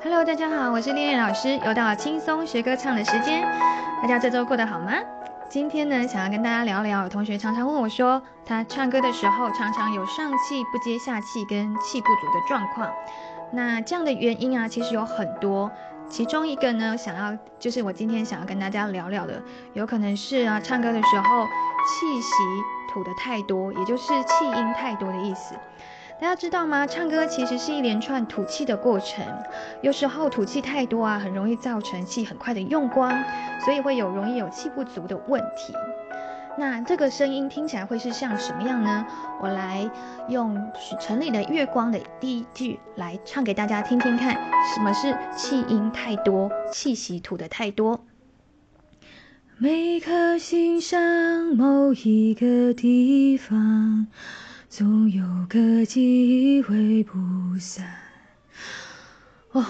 Hello，大家好，我是戀戀老師，又到了輕鬆學歌唱的時間。大家這週過得好嗎？今天呢，想要跟大家聊聊，有同學常常問我說，他唱歌的時候常常有上氣不接下氣跟氣不足的狀況。那這樣的原因啊，其實有很多，其中一個呢，想要就是我今天想要跟大家聊聊的，有可能是啊，唱歌的時候氣息吐得太多，也就是氣音太多的意思。大家知道嗎？唱歌其實是一連串吐氣的過程，有時候吐氣太多啊，很容易造成氣很快的用光，所以會有容易有氣不足的問題。那這個聲音聽起來會是像什麼樣呢？我來用《城裡的月光》的第一句來唱給大家聽聽看，什麼是氣音太多，氣息吐得太多。每顆心上某一個地方。總有個記憶揮不散。哦，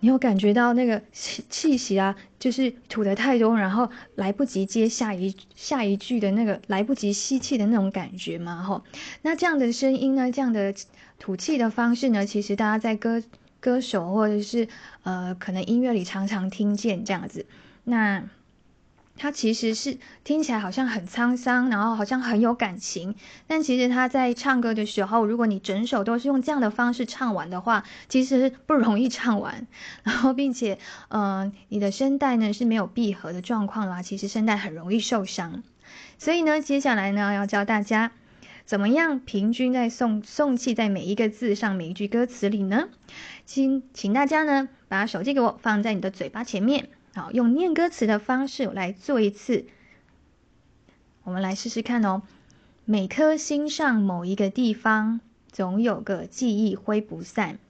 你有感覺到那個氣息啊，就是吐的太多，然後來不及接下一下一句的那個來不及吸氣的那種感覺嗎？哈、哦，那這樣的聲音呢，這樣的吐氣的方式呢，其實大家在歌歌手或者是呃可能音樂裡常常聽見這樣子。那。它其實是聽起來好像很滄桑，然後好像很有感情，但其實他在唱歌的時候，如果你整首都是用這樣的方式唱完的話，其實不容易唱完。然後，並且，嗯、呃，你的聲帶呢是沒有閉合的狀況啦，其實聲帶很容易受傷。所以呢，接下來呢要教大家，怎麼樣平均在送送氣在每一個字上，每一句歌詞裡呢？請請大家呢把手機給我放在你的嘴巴前面。好，用念歌詞的方式來做一次。我們來試試看哦。每顆心上某一個地方，總有個記憶揮不散。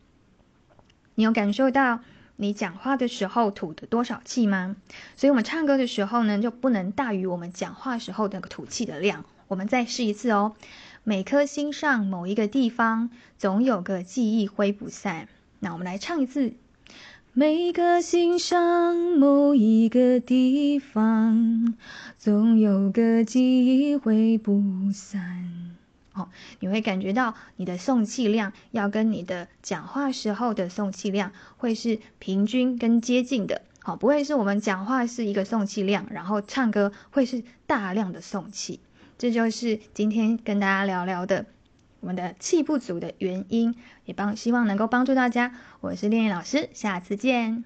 你有感受到你講話的時候吐的多少氣嗎？所以，我們唱歌的時候呢，就不能大於我們講話時候的吐氣的量。我們再試一次哦。每顆心上某一個地方，總有個記憶揮不散。那我們來唱一次。每顆心上某一個地方，總有個記憶揮不散。好、哦，你會感覺到你的送氣量要跟你的講話時候的送氣量會是平均跟接近的。好、哦，不會是我們講話是一個送氣量，然後唱歌會是大量的送氣。這就是今天跟大家聊聊的。我們的氣不足的原因，也幫希望能夠幫助大家。我是練練老師，下次見。